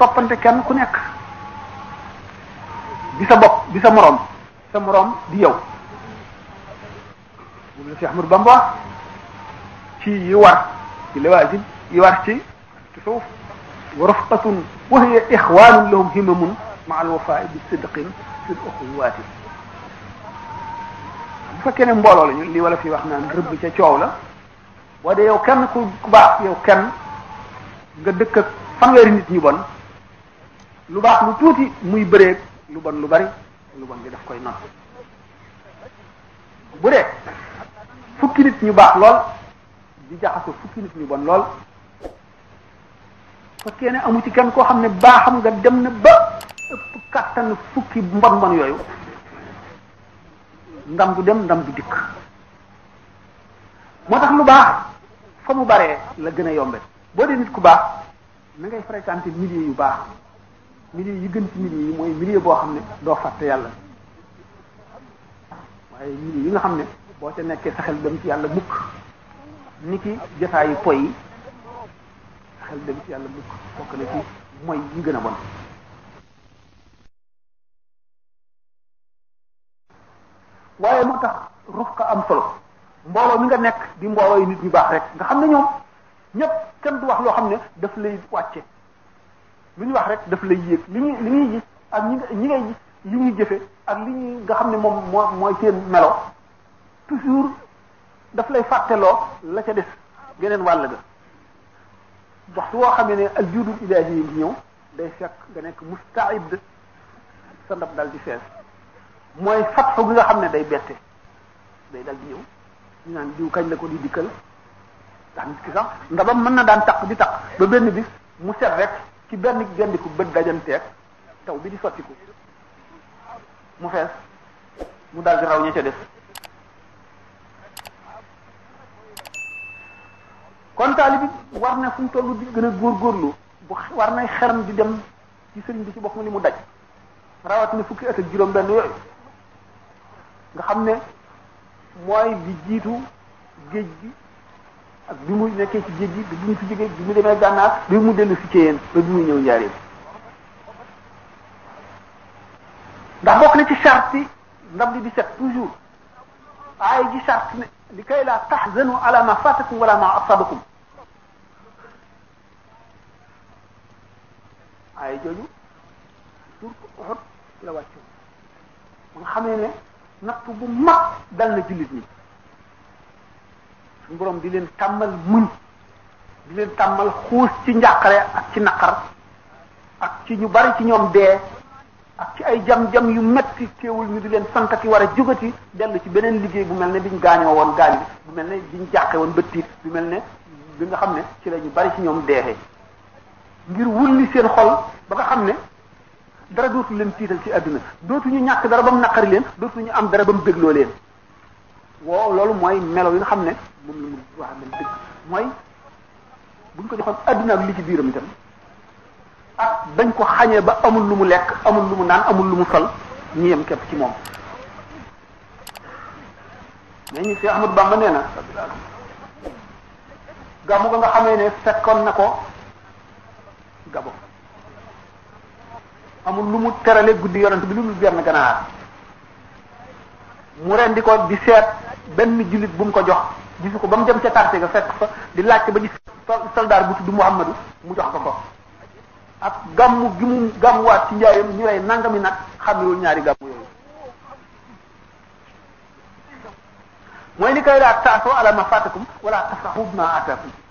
toppante kenn ku nekk di sa bopp di sa moroom di yow moom la Cheikh Ahmadou Bamba ci yi war ci lawaajib yi war ci tasawuf wa rafqatun wa hiya al wafaai bi sidqin fi l mbooloo la ñu li wala wax naan rëbb ca la boo yow kenn ku baax yow kenn nga dëkk ak fanweeri nit ñu bon lu baax lu tuuti muy bëreeg lu bon lu bari lu bon li daf koy not bu dee fukki nit ñu baax lool di jaxasoo fukki nit ñu bon lool fekkee ne amu ci kenn koo xam ne baaxam nga dem na ba ëpp kàttan fukki mbon mbon yooyu ndam du dem ndam du dikk moo tax lu baax fa mu baree la gën a yombe boo dee nit ku baax na ngay fréquenter milieu yu baax milieu yi gën ci milieu yi mooy milieu boo xam ne doo fàtte yàlla waaye milieu yi nga xam ne boo ca nekkee sa xel dem ci yàlla mukk ni ki jotaayu poy yi sa xel dem ci yàlla mukk bokk na ci mooy yi gën a bon waaye moo tax ruf ka am solo mbooloo mi nga nekk di mbooloo yi nit ñu baax rek nga xam ne ñoom ñëpp kenn du wax loo xam ne daf lay wàcce luñu wax rek daf lay yéeg li ñuy li ñuy gis ak ñi ngay gis yu ñuy jëfe ak li ñuy nga xam ne moom moo mooy seen melo toujours daf lay fàtteloo la ca des geneen wàll ga waxtu woo xam ne al judul ilahi yi ñëw day fekk nga nekk mustaid sa ndab dal di fees mooy fatxu gi nga xam ne day bette day dal di ñëw ñu naan diw kañ la ko di dikkal ndax nit ki sax ndabam mën na daan taq di taq ba benn bis mu set rek ci benn gendiku bët dajanteeg taw bi di sottiku mu fees mu daal di raw ña ca des kon taalibi war na fu mu di gën a góor bu war nay xeram di dem ci sëriñ bi ci boppam li mu daj rawat ni fukki at ak juróom benn yooyu nga xam ne mooy bi jiitu géej gi ak bi mu nekkee ci géej gi bi mu fi jógee bi mu demee gànnaar bi mu dellu si Thiéyène ba bi mu ñëw njaareem ndax bokk ci charte yi ndab li di set toujours ay ji charte ne li kay laa ala ma fatakum wala ma asabakum ay jooju tur Uhud la wàccu ba nga xamee ne natt bu mag dal na jullit suñu borom di leen tàmmal muñ di leen tàmmal xuus ci njàqare ak ci naqar ak ci ñu bari ci ñoom dee ak ci ay jam-jam yu metti teewul ñu di leen santati war a jugati dellu ci beneen liggéey bu mel ne biñ gaañoo woon gaañ bi bu mel ne biñ jàqe woon bëttiit bu mel ne bi nga xam ne ci la ñu bari ci ñoom deexee ngir wulli seen xol ba nga xam ne dara dootu leen tiital ci àdduna dootuñu ñàkk dara ba mu naqari leen ñu am dara ba mu bégloo leen woow loolu mooy melow yi nga xam ne moom la mu wax mel dëgg mooy buñ ko joxoon adduna li ci biiram itam ah dañ ko xañee ba amul lu mu lekk amul lu mu naan amul lu mu sol ñu yem képp ci moom mais ñu Cheikh Ahmadou Bamba nee na gàmmu ko nga xamee ne fekkoon na ko gabo amul lu mu terale guddi yonent bi lu dul benn ganaar mu rendi ko di seet benn jullit bu mu ko jox gisu ko ba mu jëm ca quartier ga fekk fa di laajte ba gis soldaar bu tudd Muhammadu mu jox ko ko ak gàmmu gi mu gàmmuwaat ci njaayam ñu rey nangami nag xamewul ñaari gàmmu yooyu mooy li koy daa taasoo ala ma faatakum wala tasraxu ma ataakum